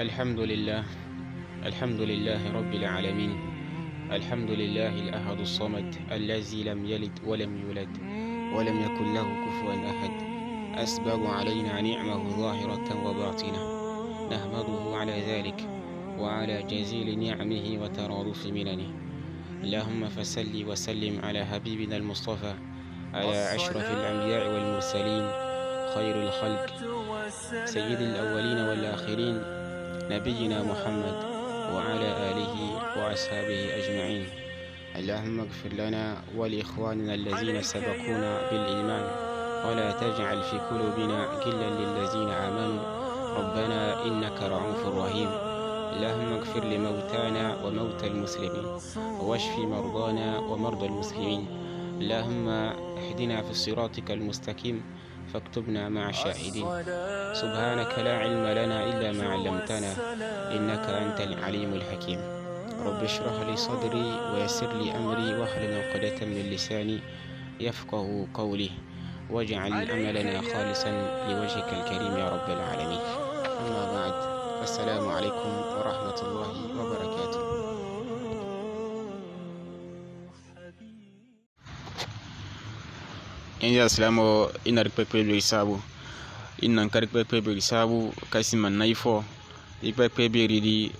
الحمد لله الحمد لله رب العالمين الحمد لله الأحد الصمد الذي لم يلد ولم يولد ولم يكن له كفوا أحد أسبغ علينا نعمه ظاهرة وباطنة نحمده على ذلك وعلى جزيل نعمه وترادف مننه اللهم فسل وسلم على حبيبنا المصطفى على أشرف الأنبياء والمرسلين خير الخلق سيد الأولين والآخرين نبينا محمد وعلى آله وأصحابه أجمعين اللهم اغفر لنا ولإخواننا الذين سبقونا بالإيمان ولا تجعل في قلوبنا غلا للذين آمنوا ربنا إنك رعوف رحيم اللهم اغفر لموتانا وموتى المسلمين واشف مرضانا ومرضى المسلمين اللهم اهدنا في صراطك المستقيم فاكتبنا مع الشاهدين سبحانك لا علم لنا إلا ما علمتنا إنك أنت العليم الحكيم رب اشرح لي صدري ويسر لي أمري واحلل عقدة من لساني يفقه قولي واجعل أملنا خالصا لوجهك الكريم يا رب العالمين أما بعد السلام عليكم ورحمة الله وبركاته n yaa ina y na dɩk kpɛkpɛ beeg sabu y nan ka dɩk kpɛkpɛ sabu ka sɩ man na y fɔ dɩ kpɛkpɛ beegre dɩ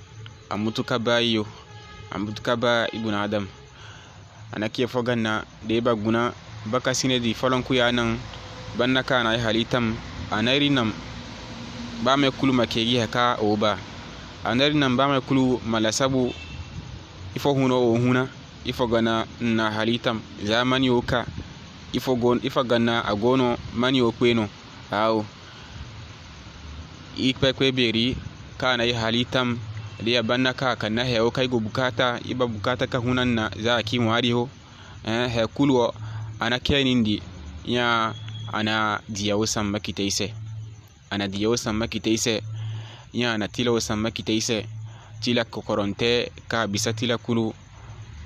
a mutu ka baa yo a mutu ka na y guna adam a na kɩ fɔ ganna dɩ ba guna ba ka sɩne dɩ fɔlɔnku yaa nan na kaana y halitam a na nam ba me kulu ma haka oba ka o ba a nam baa me kulu malasabu ifo sabu y fɔ o hũna y gana na halitam zamani o ifo gon ifa gana agono mani okweno au ipa kwe beri kana i halitam liya banna ka kana he okai go bukata iba bukata ka hunan na za ki kimu ho eh, he kulwo ana kenindi ya ana diyawo samma kita ise ana diyawo samma kita ise ya ana tilawo samma kita ise tila kokoronte ka bisa kulu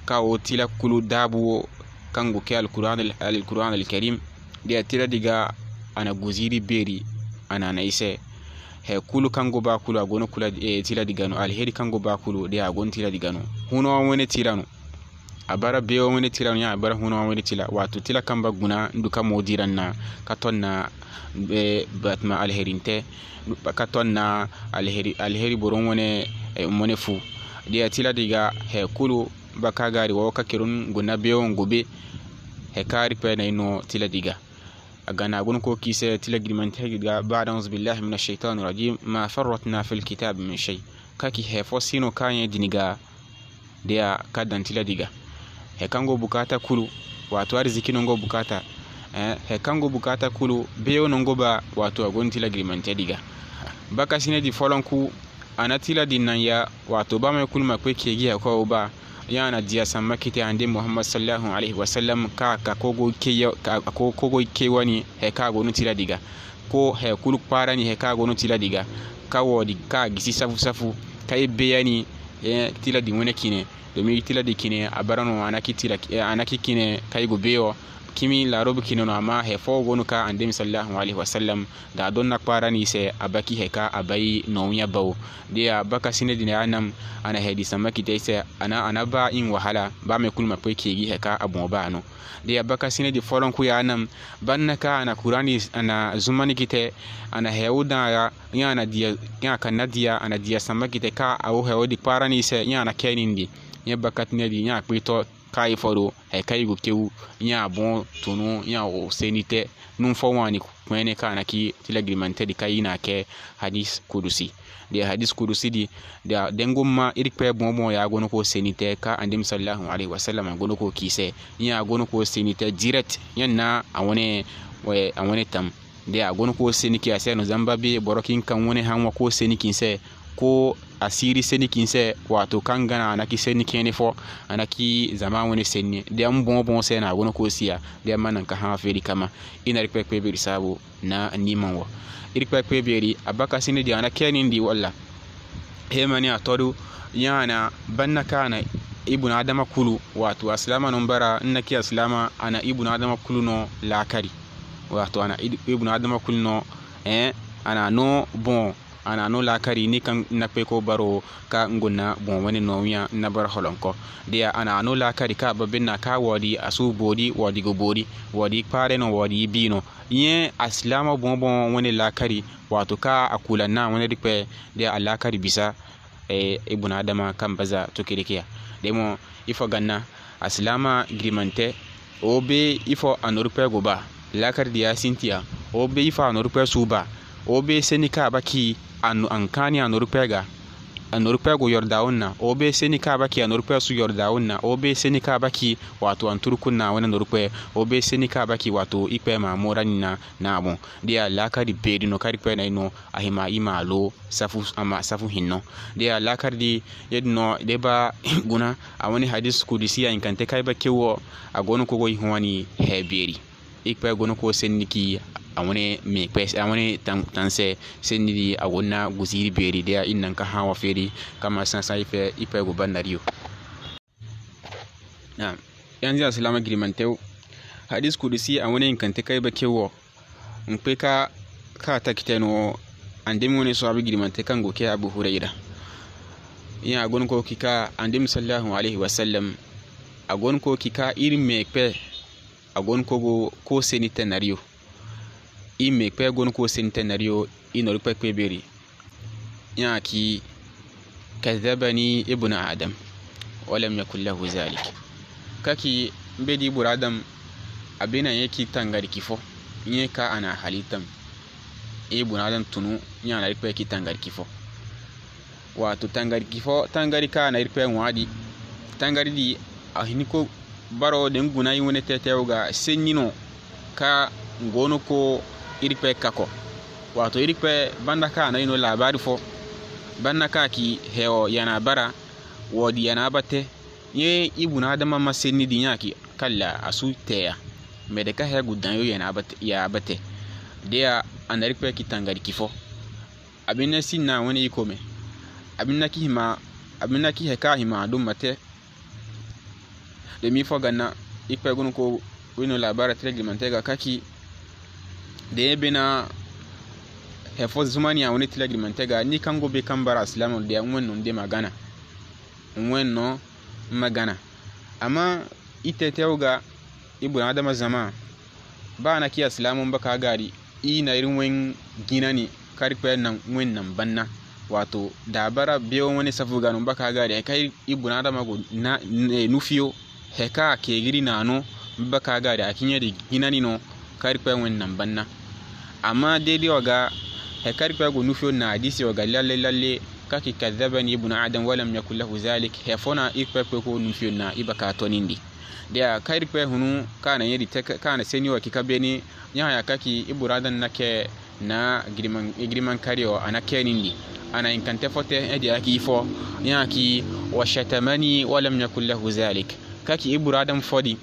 ka o tila kulu daabu kango ke alquran alkarim di atira diga ana guziri beri ana na ise he kulu kango ba kulu agono kula e, tira diga no alheri kango ba kulu di agon tira diga no huno wa tira no abara bewa wene tirano ya abara huno wa tira tila watu tila kamba guna nduka modiran na katon na e, batma alherinte katon na alheri alheri boron wene e, eh, umone fu dia tila diga he kulu bakagari woka kirun guna biyo ngubi hekari pe naino tila diga agana agun ko kise tila giriman tega ba'da uz billahi minash shaitani rajim ma farratna fil kitab min shay kaki hefo sino kanye diniga dia kadan tila diga hekango bukata kulu watu ariziki nongo bukata eh, hekango bukata kulu biyo nongo ba watu agun tila giriman tega baka sine di folon ku anatila dinan ya watu ba mai kulma yana diya samma kiti ande muhammad sallallahu alaihi wasallam ka ka kogo ke ko kogo ke wani he ka gonu tira diga ko he kulu para ni he ka gonu tira diga ka wodi ka gisi safu safu kai beyani e eh, tila di wona kine domin tila di kine a anaki tila eh, anaki kine kai go beo kimi larobu kinono amma he fo wonu ka mi sallallahu alaihi wasallam da don na para ni se abaki he ka abai no nya bawo de abaka sine dina anam ana he disama kite se ana ana ba in wahala ba me ma pe gi he ka abon ba no de abaka sine di foron ku ya anam banna ka ana qurani ana zumani kite ana he uda ya nya ana dia nya kana dia ana dia samaki kite ka awo he odi para ni se nya ana kenindi nya bakat ne di nya kpito kai foro fɔ kai go kewu nya bon tunu nya o senite nun fo wani kwene kana ki tilagrimante di kai na ke hadis kudusi de hadis kudusi di de dengum ma iri pe bon bon ya gono ko senite ka andim sallallahu alaihi wasallam go gono ko kise nya gono ko senite direct nya na awone we awone tam de a gono ko seniki ase no zambabe borokin kan wani hanwa ko senikin se ko a siri seni kinse wato kan gana a naki seni kɛni fɔ a naki zama wani seni da n bon bon sɛ na wani ko siya da ma nan ka ha feri kama ina rikpɛ kpɛ beri sabu na niman wa rikpɛ kpɛ beri a baka sini di ana kɛni ndi walla he mani atodu yana banna kana ibnu adama kulu wato aslama nun bara n naki asilama ana ibnu adama kulu no lakari wato ana ibnu adama kulu no eh ana no bon ana no la kari ni kan na pe ko baro ka nguna bon wani no wiya na bar holonko dia ana no la kari ka babinna ka wodi asu bodi wodi go bodi wodi pare no wodi bino nye aslama bon bon wani la kari wato ka akula na wani rikpe dia ala kari bisa e ibn adama kan baza to kirikiya demo ifo ganna aslama grimante obe ifo anorpe goba lakar diya sintiya obe ifo anorpe suba obe senika baki ankani anorupega anorupego yordaunna obe seni kabaki anorupego su yordaunna obe seni kabaki wato anturukunna wani anorupego obe seni kabaki wato ikpe ma mora ni na abu dia lakari beri no kari na ino ahima ima alo safu ama safu hino dia lakari di yedno deba guna a hadis kudisi inkante kaiba kewo agonu kogo ihwani heberi ikpe kogo seni ki. a wani kwes awani wani tanse sai ni agona guziri beri in nan ka hawa feri kama san sai fe ipe go bandario na yanzu assalamu girmantau hadis kudusi wani kan ta kai kewo in kai ka ka ta kitano andemi wani girman ta kan goke abu huraira yin agon ko kika andemi sallahu alaihi wasallam gon ko kika irin me a gon ko go ko senita nariyo. ime kpegon ko centenario inol kpekpeberi yaki kadhabani ibnu adam walam yakun lahu zalik kaki mbedi ibnu adam abena ki tangari kifo nye ka ana halitam ibnu adam tunu yana rikpe ki tangari kifo wato tangari kifo tangari ka na rikpe wadi tangari di ahini ko baro den guna yi wani tetewuga sennino ka ngono ko irkwe kako wato irkwe banda ka na ino labari fo banda ka ki hewo yana bara wodi yana bate ye ibu na adama masenni di nyaki kalla asu teya mede ka he gudan yo yana bate ya bate dia anarikwe ki tangari kifo abinna na wani iko ikome abinna ki hima abinna ki heka hima dum mate de mi fo ganna ikpe gunu ko wino labara tregimantega kaki Da de bena hefos zumani a wani tilegri ga ni kan gobe kan bara silamu da wani nunde magana wani no magana amma ita ta ga ibu na adama zama ba na kiya silamun baka gari i na irin wen gina ne karfe nan wani nan banna wato da bara biyo wani safu ganun baka gari ya kai ibu na adama e, na nufiyo heka kegiri na no baka gari a da gina ni no karikpe wẽnnaam bãnna amma deeli waga hay karikpɛɛgo nufio naadisi waga lalle ka kaki kadhabani ibnu adam walam yakun lahu zalik fo na dhalik hay fona ikpɛkpɛko nufio na i baka de a karikpɛ hunu kaana tɛ kaana seni wa kika beni yãha ya ka kaki ibnu adam na kɛ na giriman kario ana kɛnindi ana inkante fɔtɛ ɛdi aki ifɔ yãha ki washatamani walam yakun lahu zalik dhalik kaki ibnu adam fɔ fɔdi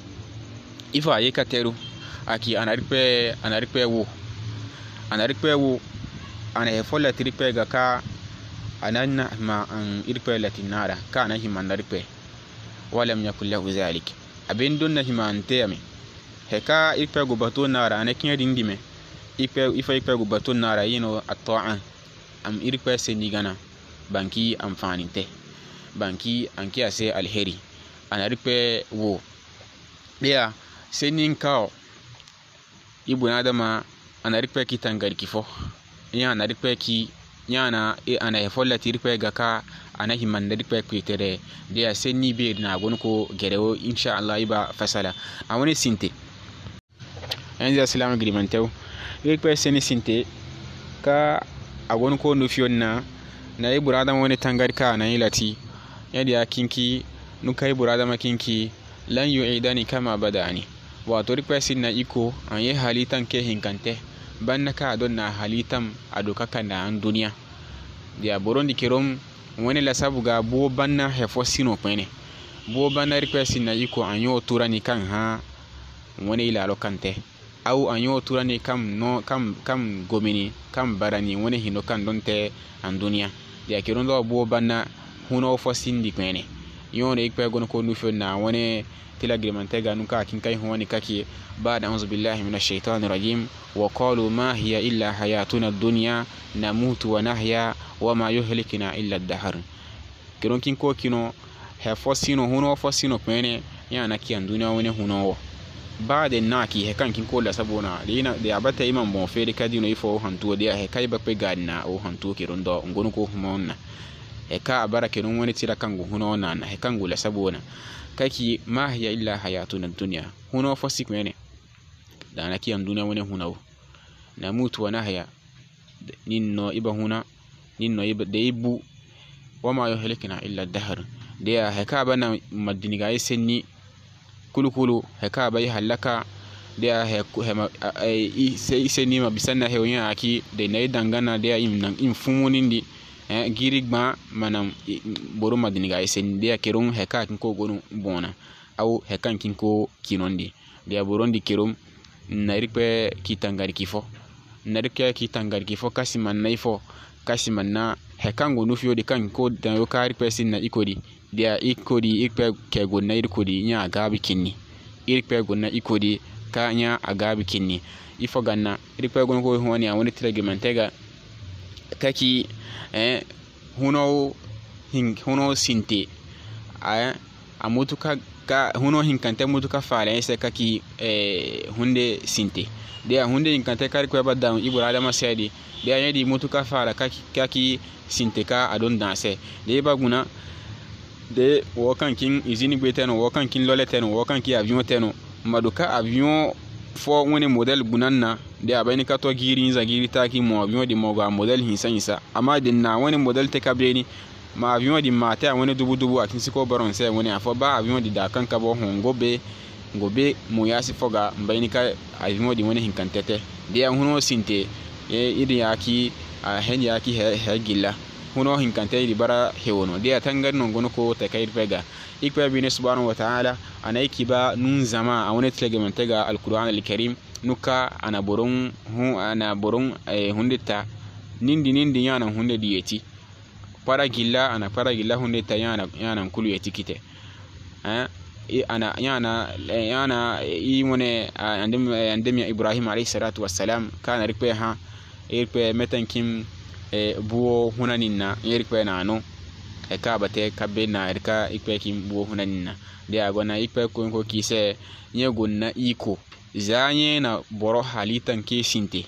ifa ye ka tɛru aki anarikpe anarikpe wo anarikpe wo ana hefo latirikpe ga ka anan ma an irikpe latinara ka ana hima wala walam yakul lahu zalik abin donna hima anteyame he ka irikpe go bato nara ana kinya dindime ikpe ifa ikpe go bato nara yino attoa am irikpe gana banki amfani te banki anki ase alheri anarikpe wo ya senin kao i bwanadama ana rikpe ki tangari kifo nya ana rikpe ki nyana e ana he folla ti rikpe ga ka ana himanda rikpe kwetere de a senni be na gon ko gerewo insha Allah iba fasala awone sinte enzi assalamu grimantew rikpe seni sinte ka a ko no fiyon na na i bwanadama woni tangari ka ana ilati yadi akinki nukai bwanadama kinki lan yu'idani kama badani wato rikpe sin na iko an ye halitan ke hinkante banna ka adon na halitan adoka kana an duniya ya borondi kerom wani lasabu ga bo banna hefo sino kwene bo banna rikpe sin na iko an yo turani kan ha wani ilalo kante au an yo turani kam no kam kam gomini kam barani wani hino kan don te an duniya ya keron do bo banna huno fo sindi kwene yõode y kpɛ gon kon nufen na wẽne tɩ la girmantɛ ga nu kaa kĩnka yẽsẽ wã nikake bada ãuzu billahi min ashaitani rajim wa qalu ma hiya illa hayatuna dunya namutu wa nahya wa ma yuhlikina illa dahr kẽron kĩnkoo kino ɛ fo sino hũno fo sino kpẽene yãa na kian dũniyã wẽne hũno wo baade n naa kɩɩs kãn kĩnkoo lasa boona ya ba tɛ imam bõo feede ka dĩno y fo fantuo dɩya ka ba kpe gaadẽ na fantuo kɩ rẽn dɔ n ko fõmaon na e ka a bara kenun wani tira kangu huno nana he kangu la sabona kaki ma hiya illa hayatuna dunya huno fo sikmene dana kiyam duniya wani hunawo na mutu wa nahya ninno iba huna ninno iba de ibu wama yuhlikina illa dahr de heka bana madini ga senni kulu kulu heka bai halaka de ya he senni ma bisanna he wonya aki de nay girigba manam boru madiniga esendiya kerum heka kinko gonu bona au heka kinko kinondi dia borondi kerum narikpe kitangari kifo narikpe kitangari kifo kasi man naifo kasi man na heka gonu fiyo di kanko dan yo kari pe sinna ikodi dia ikodi ikpe ke gonna ikodi nya agabi kinni ikpe gonna ikodi ka nya agabi kinni ifo ganna ikpe gonu ko honi amoni tregimentega taki eh, hunowo hunowo eh, a mutuka ka huno hinkante mutuka fale kaki eh, hunde sinte de a hunde hinkante kari ko ba dan ibura adama sedi de a yedi mutuka fala kaki kaki sinte ka adon danse de ba guna de wokan kin izini gbeteno wokan kin loleteno wokan ki avion teno maduka avion fo woni model gunan de abani ni kato giri ni zagiri taki mo biyo di moga model hinsa hinsa amma din na wani model te kabeni ma avion di mate a wani dubu dubu atin siko baron sai wani afo ba avion di dakan kabo hon gobe gobe mo ya si foga ni ka avion di wani hinkan tete de huno sinte ye idin yaki a hen yaki he, he gilla huno hinkante di bara hewono de tangar non gono ko ta kair pega ikwa bi ne subhanahu wa ta'ala anai kiba nun zama a wani tlegamantega alquran alkarim nuka ana borun hu ana borun eh, hunde nindi nindi yana hunde di para gilla ana para gilla hunde ta yana yana kulu yeti kite eh ana yana yana imone andem andem ya ibrahim alayhi salatu wassalam kana rikpe ha irkpe metan kim eh, buwo hunanin na na no e eh, ka bate kabe na irka er, ikpe kim buwo hunanin de agona ikpe ko ko kise nye gonna iko zaa yẽena bɔrɔ halitan ke sĩnte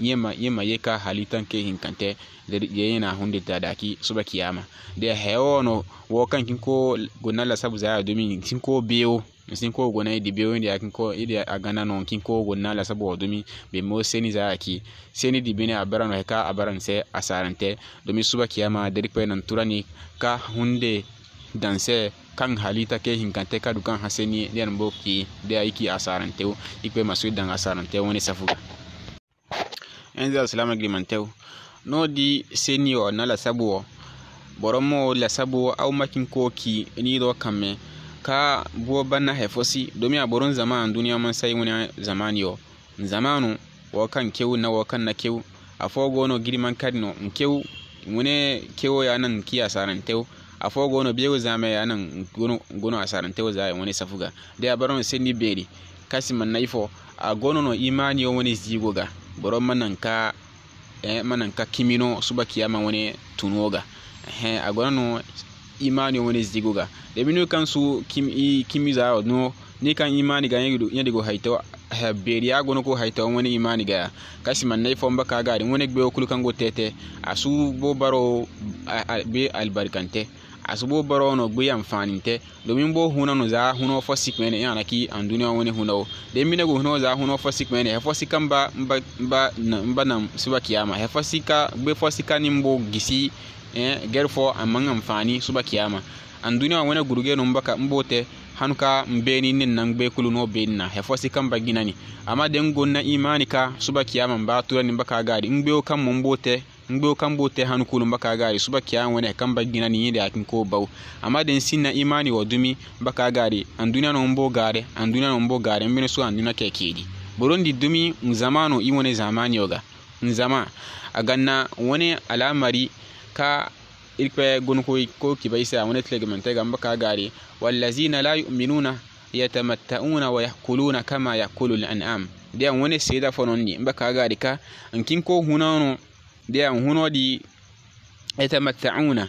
yẽma yẽma yeka halitan ke sẽn kãn tɛ ya yẽna sẽn det daa ki kiyama de hɛ waoono wao kãn kẽ ko gona la sabu zaa yaa domi sẽn ko beeo sẽn ko gona d beo d yaa a gãna nong kẽ ko gona la sabu wao domi be moo seni zaa ki seni di bene a barano hɛ ka a baran sɛ a saaren tɛ domi soaba nan tura ka hũnde dansɛ kan halita ke hinkante kadu kan haseni den boki de aiki asaranteu ikwe masu dan asaranteu wani safuga enzi asalama grimanteu no di senior na la lasabuo boromo la lasabuo au makin koki ni do kame ka buo banna hefosi domi a boron zaman duniya man sai wani zamani yo zamanu wo kan kewu na wo kan na kewu afogo no girman kadino nkewu wani kewo ya nan kiya saranteu afo gono biye zame ya nan gono asaran te wazaya wani safuga da ya baron sai ni beri kasi man naifo a gono no imani wani zigoga boro manan ka eh, manan ka kimino suba kiyama wani tunoga eh, a gono no imani wani zigoga da binu kan su kim i kimi za no ni kan imani e ga yadi go haito beri ya gono ko haito wani imani ga kasi man naifo mbaka gari wani gbe okulu kan go tete asu bo baro be albarkante a su bo baro no gbe amfani te domin bo huna no za huno fo sikme ne yana ki an duniya woni huno de mina go huno za huno fo sikme ne fo sikam ba ba ba na suba kiyama he sika gbe fo sika ni mbo gisi eh ger amman amfani suba kiyama an duniya wani gurge no mbaka mbote hanuka mbeni nin nan gbe kulu no beni na he fo sikam ginani amma den gonna imani ka suba kiyama ba tura ni gadi ngbe o kan mbote ngbo kambo te han kulum baka gari suba kiya wani kamba gina ni yende akin ko baw amma den sinna imani wa dumi baka gari an duniya no mbo gari an duniya no mbo gari mbene so an duniya kekedi burundi dumi mzamano iwone zamani yoga nzama aganna wani alamari ka ilkwe gonko ko kibaisa wani tlegemente gamba ka gari wallazina la yu'minuna yatamatta'una wa yahkuluna kama yahkulu al dia wani seda fonondi mbaka gari ka nkin ko hunano dia hunodi yatamatta'una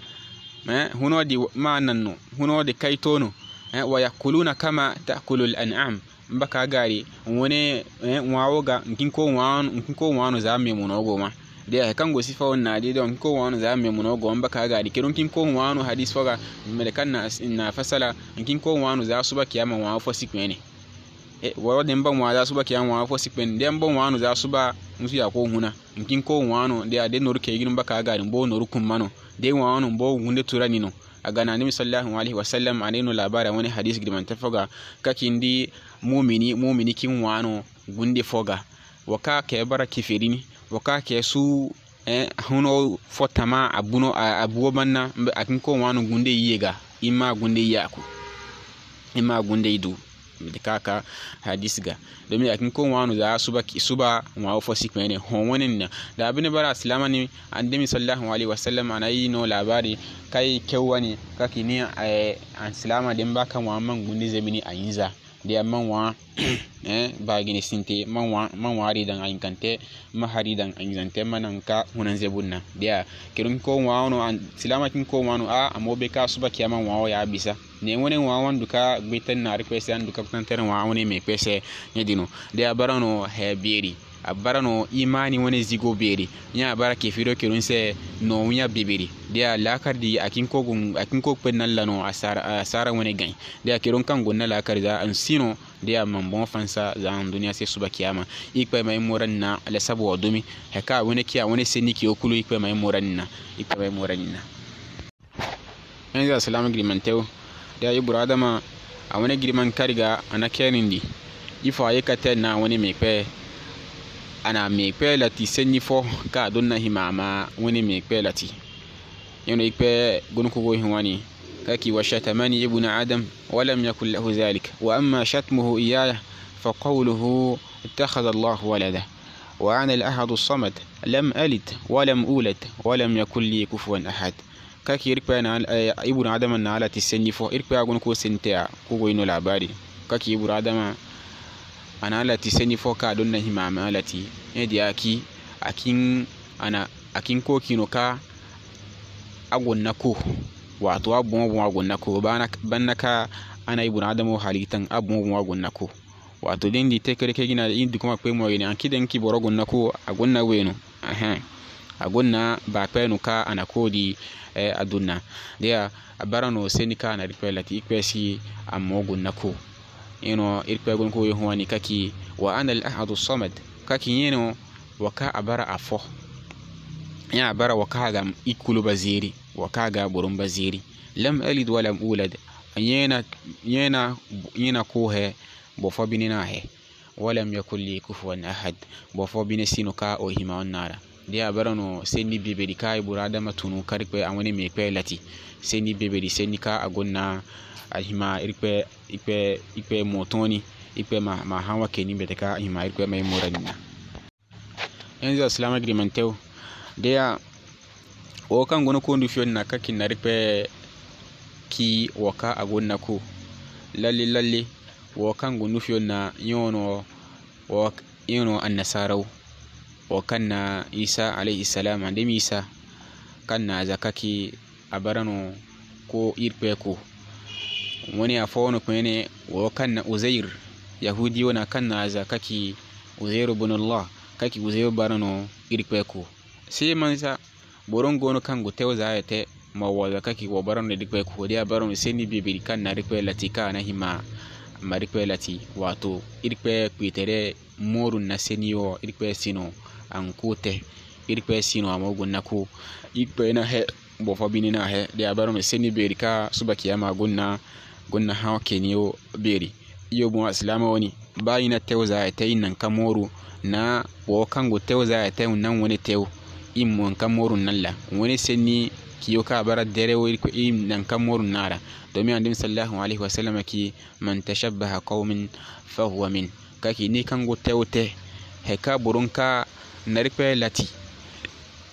eh, hunodi ma'ananno hunodi kaitono eh, wa yakuluna kama ta'kulu al mbaka gari wone eh, wawoga nkinko wano nkinko wano za me ma dia kan sifa on na dido nkinko wano za me mbaka gari kirun kinko wano hadis foga mele na na fasala nkinko wano za suba kiyama wa fo sikwene wa de mba wa za suba kiyama wa fo de mba wano za suba musu ya ko huna mkin ko wano de ade nor ke gin baka garin bo nor kun mano de wano bo hunde turani no aga na nabi sallallahu alaihi wasallam anenu labara wani hadis girman ta foga kaki ndi mumini mumini kin wano gunde foga waka ke bara kifirini waka ke su eh huno fotama abuno abuwo manna akin ko wano gunde yega imma gunde yaku imma gunde idu kaka hadisga domin akin ko wanu za ba suba ma fo sikmene hon wonin na da abin bara silamani andimi sallallahu alaihi wasallam yi no labari kai kewani kaki ni eh, an salama din kan wa man gundi zamini ayinza da man wa eh bagini sinte man wa man wa ri dan ayin kante ma hari dan ayin zante manan ka hunan zebunna dia kirin ko wa no an salama kin ko wa no a amobe ka ba kiyaman wa ya bisa ne wone wa wan duka gbetan na ri an duka kutan wa wone me kwese ne dino de abarano he beri abarano imani wone zigo beri nya bara ke firo ke runse no nya bibiri de lakar di akin ko gun nan lano asara asara wone gain de akiron kan gonna lakar da an sino de a man bon fansa zan duniya sai suba kiyama ikpe mai moran na ala wa dumi heka wone kiya wone seni ki okulu ikpe mai moran na ikpe mai moran na yanzu assalamu alaikum ya yi buradama a wani girman kariga a na kenin di ifo ayi kate na wani mekpe ana mekpe lati senyi fo ka don na hima ma wani mekpe lati yana ikpe gunkugo hiwani kaki wa shatamani ibnu adam walam yakul lahu zalik wa amma shatmuhu iyaya fa qawluhu اتخذ الله ولده وعن الأحد الصمد لم ألد ولم أولد ولم يكن لي كفوا أحد kaki irkpa na eh, ibura adama na alati senni fo irkpa agun ko a ko go ino labari kaki ibura adama ana alati senni fo ka don na ala alati e eh, di aki akin ana akin ko kino ka agun na ko wato abun abun agun na ko ban na ka ana ibura adama halitan abun abun agun na ko wato den di tekere ke gina indi kuma kwe mo yene an kidan ki borogon na ko agon na weno agonna bakpɛ nu ka ana koodi eh, adunna deya bara no seni ka ana rikpɛ lati ikpɛsi a mɔ gunna ko ino irkpɛ gun ko yehuwani kaki wa ana al-ahadu kaki yino waka abara afo ya bara waka ga ikulu baziri waka ga burun baziri lam alid wa lam ulad yena yena yena ko he bo fo binina he wa lam yakul li kufuwan ahad bo fo binesino ka o hima onnara dia barano senni bebedi kai buradama tunu karikwe amone me kwe lati senni bebedi senni ka agonna ahima irikwe ikwe ikwe motoni ikwe ma ma hawa keni beteka ahima irikwe mai moranina enzo salama agreementeu dia o kan gono ko ndu fiyon na kakin na rikwe ki waka agonna ko lalle lalle wo kan gono fiyon na yono wo yono annasarau o kanna isa alayhi salam ande isa kanna zakaki abarano ko irpeku woni a fowono kmene wo kanna uzair yahudi wona kanna zakaki uzair ibn allah kaki uzair barano irpeku sai mansa boron gono kango tew zayete ma wada kaki wo barano irpeku wodi a barano seni bibiri kanna rikwe latika na hima ma irpe lati wato irpe kwitere morun na senior irpe sino an kote irpe sino amogun nako ikpe na he bofo bini na he de abar me seni beri ka suba kiyama gunna gunna ha kenyo beri iyo bu aslama woni bayina tewza ate nan kamoru na wo kango tewza ate nan woni tew immo nan kamoru la woni seni kiyo ka bara dere wo irko im nan kamoru nara domin annabi sallallahu alaihi wasallam ki man tashabbaha qaumin huwa min kaki ni kango tewte he ka burunka ka narikpe lati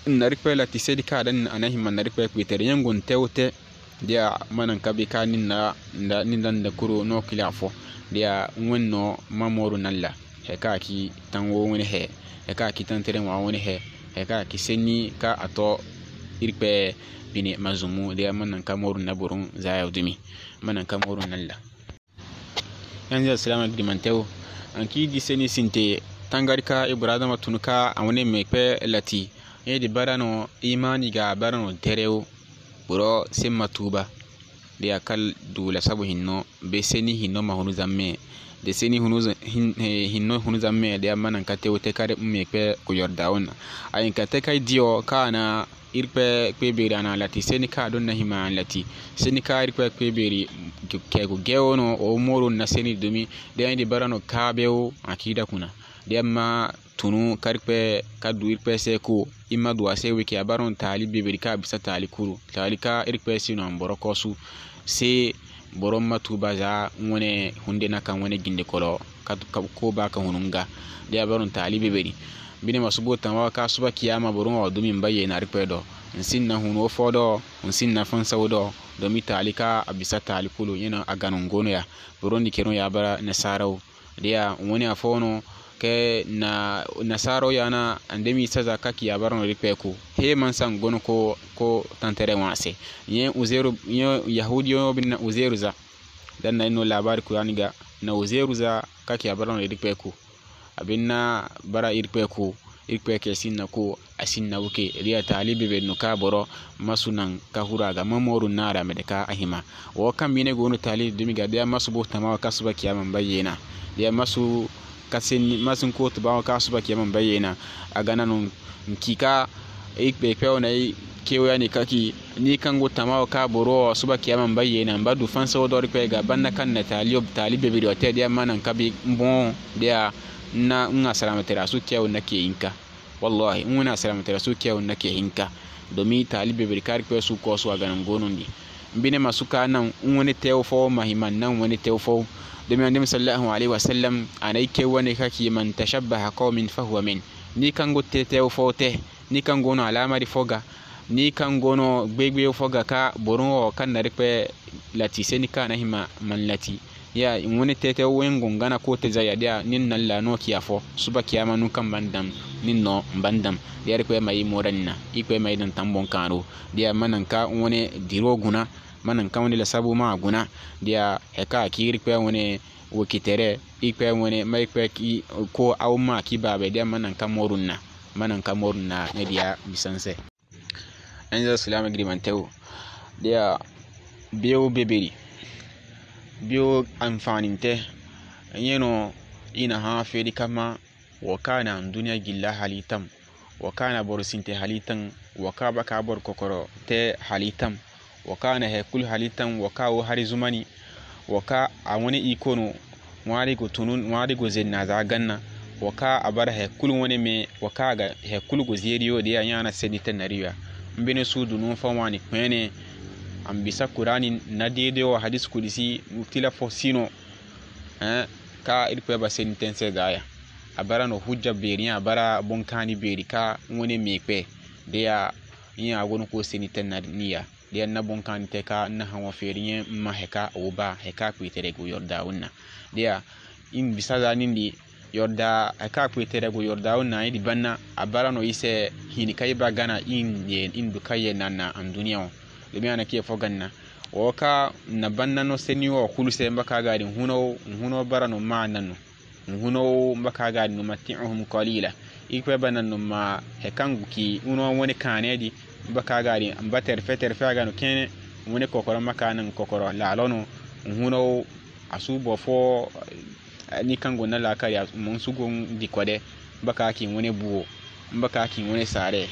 narikpe lati sedi ka dan anahima narikpe kwitere yengun tewte dia manan kabi ka ninna nda nindan da kuro no kila fo dia wenno mamoru nalla he ka ki tan wo woni he he ka ki tan tere wa woni he he ka ki senni ka ato irpe bine mazumu dia manan kamoru na burun ya dumi manan kamoru nalla yanzu assalamu alaikum an ki di seni sinte tangari ka ibradama e tunu ka awone mekpe lati yedi bara no imani ga bara no derew buro semma tuba de akal dula sabu hinno be seni hinno mahunu zamme de seni hunu hinno hunu zamme de amana kate wote kare mekpe ku yordawon ayin kate kai dio kana irpe kpeberi ana lati seni ka don na hima lati seni ka irpe kpeberi kegu gewono o moro na seni dumi de ayin de bara no kabeo akida kuna demma tunu karpe kadu irpese ko imma duwase wiki abaron tali bibiri ka bisa tali kuru tali ka irpese non boro kosu se boron matuba za wone hunde na kan wone ginde kolo ko ba ka hununga de abaron tali bibiri bine masu botan wa ka suba kiyama boron wa dumin baye na irpedo nsin na huno fodo nsin na fan saudo domi tali ka abisa tali kulu yana a ganon gono ya boron dikero ya bara nasarau dia wone afono ke na nasaro yana andemi saza ka ki abarno rikpe ko he man san gono ko ko tantere wase ye uzeru ye yahudi yo bin uzeru za dan na ino labar ku yaniga na uzeru za ka ki abarno rikpe abin na bara irikpe ko irikpe ke sinna ko asin na wuke riya talibi be no ka boro masunan ka hura ga mamoru na ra ka ahima wo kan mine gonu talibi dumi ga da masubu tamawa kasuba kiyaman bayyana da masu ka masin ko to bawo ka su ba kiyaman bayyana a ganan kika ik be pe ona e kewya ni kaki ni kango tamawo ka boro suba kiyaman bayyana ba du fan sawo dori pe ga banna kan na taliyob talibe bi dote dia manan kabi bon dia na nga salamatera su kiyawo e na ke inka wallahi nguna salamatera su kiyawo na ke inka e domi talibe bi kar pe su ko su a ganan gonon ni bine mbinema sukaanam n wani tɛo fo mahiman nan wani tɛo fo domi annabi sallallahu alaihi wasallam anai ke wani kaki man tashabbaha qaumin fahuwa min ni kango tɛo fo tɛ ni kango no alamari foga ni kango no gbegbe foga ka boron o kan na rikpe lati se seni kana hima man lati ya wani tete wen gungana ko te zaya dia nin nan la no kiya fo suba kiyama nu kan bandam nin no bandam dia ko mai moran na i ko mai dan tambon kano dia manan ka wani diro guna manan ka wani lasabu ma guna dia heka kiri ko wani wakitere i ko wani mai ko au ma ki babe dia manan ka morun na manan ka morun na ne dia bisanse an za salama dia biyu beberi biyo anfanintɛ no ina ha feri kama wa kana duniya gilla halitam wa kana bor sinte halitan wa ka baka bor kokoro te halitam wa kana hekul halitam wa ka wo hari zumani wa ka a wani ikono ŋwari go tunun ŋwari go zenna za ganna wa ka a bar hekul wani me wa ka ga hekul go zeriyo de ya yana sedita nariya mbene su dunun fa wani kwene an bisa qur'ani na daidai wa hadis kudisi mutila fosino eh ka irpe ba sen tense gaya abara no hujja beri abara bonkani beri ka ngone mepe de ya yin agon ko sen tenna niya de na bonkani te ka na wa feri feriye ma heka oba heka kuitere go yorda wonna de ya in bisa da ni ni yorda aka kwetere go yorda on di banna abara no ise hinikai kai bagana in ye in dukaye na na an duniya lebiana ke foganna wo ka na bannano seniwo kuluse mbaka gadi huno huno barano manano huno mbaka gadi no mati'uhum qalila ikwe banano ma hekangu ki uno woni kanedi mbaka gadi mbater feter fagano kene woni kokoro makanan kokoro lalono huno asubo fo ni kango na lakari mun sugon dikode mbaka ki woni buwo mbaka ki woni sare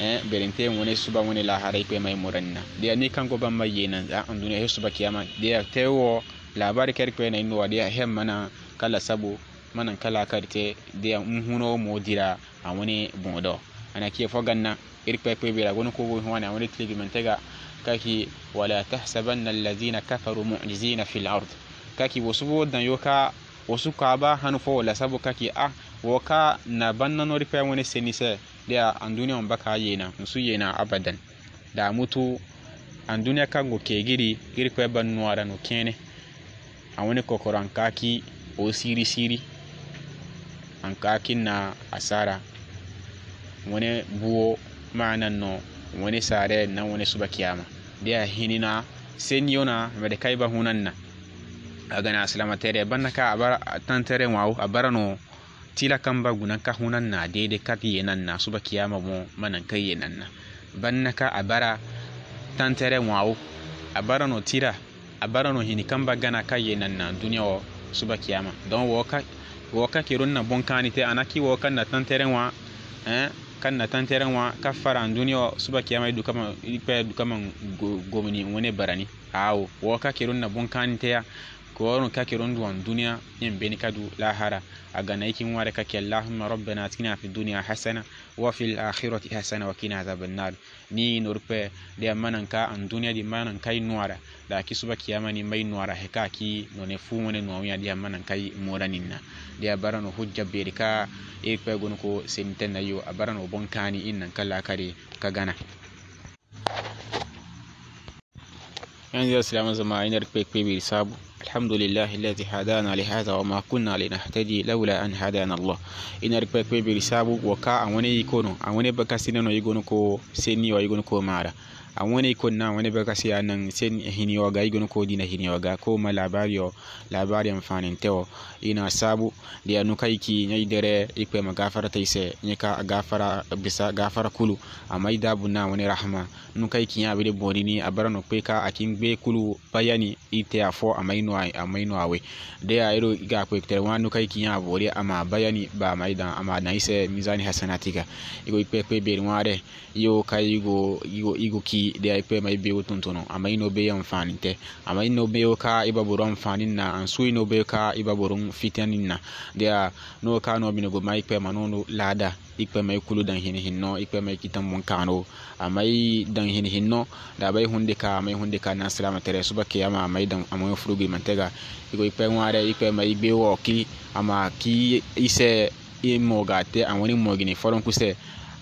eh berente woni suba woni la haray pe mai moranna dia ni kanko bamma yena an duniya he suba kiyama dia tewo labari ker pe na inwa dia hem mana kala sabu mana kala karte dia mhuno modira a woni bondo ana kiye foganna irpe pe bira gono ko woni wani woni tlibi kaki wala tahsabanna alladhina kafaru mu'jizina fil ard kaki wosubo dan yoka wosu kaba hanu fo wala sabu kaki ah woka na banna no ripe woni senise dia an duniya on baka yena nsu na abadan da mutu an duniya go kegiri giri ko ban nuara no kene awoni kokoran kaki o siri siri an kaki na asara wani buwo ma'anan no wani sare na wani suba kiyama dia hinina sen yona mede kai ba hunan na aslama tere banna ka abara tan wawo abara no tila kamba gunan ka hunan na daidai fiye nan na suba kiyama mu manan kai nan na na ka a bara abara tantere a bara no tira a bara no hini kamba gana ka nan na duniya su suba kiyama don wo ka ke ka na bon kani te anaki wo kan na tantare wa eh kan na tantare wa ka fara duniya su suba kiyama du kama ipe kama gomini wone barani awo wo ka kirun na bon kani te ya كوارون كاكيرون دوان دنيا ين بين كادو لاهرا أغنيك موارك كي اللهم ربنا اتنا في الدنيا حسنة وفي الآخرة حسنة وكنا عذاب النار ني نوربي دي مانن كا ان دنيا دي مانن كاي نوارا دا كي سوبا كياما ني ماي نوارا هكا كي نوني فومن نواميا دي مانن كاي مورانينا دي بارانو حجة بيركا إيكبي غنكو سنتن يو أبارانو بونكاني إنن كلا كاري كغانا yanzu ya silama zama a yanar kwaikwai bai sabu الحمد لله الذي هدانا لهذا وما كنا لنهتدي لولا أن هدانا الله إن أركبك بيرسابو وكا أوني يكونو أوني بكاسينو يكونو كو سيني ويكونو كو مارا a wani konna wani baka siya nan sen hiniyoga igon ko dina hiniyoga ko ma labariyo labari amfanin tewo ina sabu da anu kaiki nyai dere ikpe ma gafara ta ise nyika gafara bisa gafara kulu amma idabu na wani rahama nu kaiki ya bide bonini abara no peka akin gbe kulu bayani ite afo amma ino ai amma ino awe da ya iro ga ko iktere wa nu kaiki ya bore amma bayani ba mai dan amma na ise mizani hasanatika igo ikpe kwe beri ware yo kai igo igo igo ki de ay pɛ ma i be o tontono amma i no be yan fani te i no be o ka iba baboro fani na ansu su no be ka iba baboro fitani na dia no ka no bi bine go mai pe pɛ ma no laada i kpɛ ma i dan hin hin no kpɛ mai kitan mun kaano amma i dan hin hin no da bai hunde ka mai hunde ka nan silama tɛrɛ suba kiyama ama mai dan amma i furugi man tɛga i ko i kpɛ ŋwaarɛ i kpɛ ma ki ama ki ise sɛ i mɔga tɛ awoni mɔgini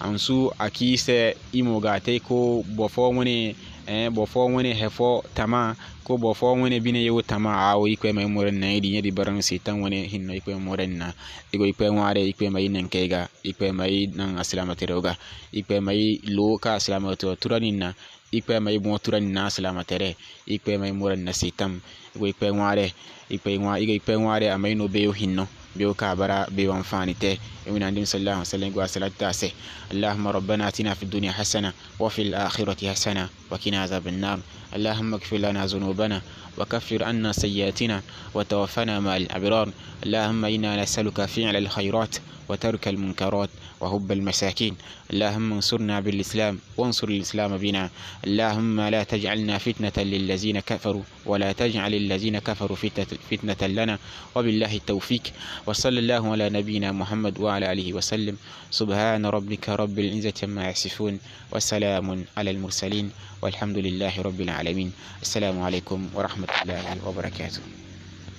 ansu akise imogate ko bofo wone eh bofo wone hefo tama ko bofo wone bine yewu tama awo ikwe mai moren na idi yedi baran sitan wone hinno ikwe moren na igo ikwe ware ikwe mai nan kega ikwe mai nan asilamati roga ikwe mai loka asilamati turanin na ikwe mai bon turanin na asilamati re ikwe mai moren na sitam go ikpe ŋwaare ikpe ŋwa iga ikpe ŋwaare amma ino beyo hinno بيو كابرا بيو انفانته من عند صلى الله عليه وسلم وسلم تاسه اللهم ربنا اتنا في الدنيا حسنه وفي الاخره حسنه وقنا عذاب النار اللهم اغفر لنا ذنوبنا وكفر عنا سيئاتنا وتوفنا مع الابرار اللهم انا نسالك فعل الخيرات وترك المنكرات وهب المساكين اللهم انصرنا بالإسلام وانصر الإسلام بنا اللهم لا تجعلنا فتنة للذين كفروا ولا تجعل الذين كفروا فتنة, فتنة لنا وبالله التوفيق وصلى الله على نبينا محمد وعلى آله وسلم سبحان ربك رب العزة ما يصفون وسلام على المرسلين والحمد لله رب العالمين السلام عليكم ورحمة الله وبركاته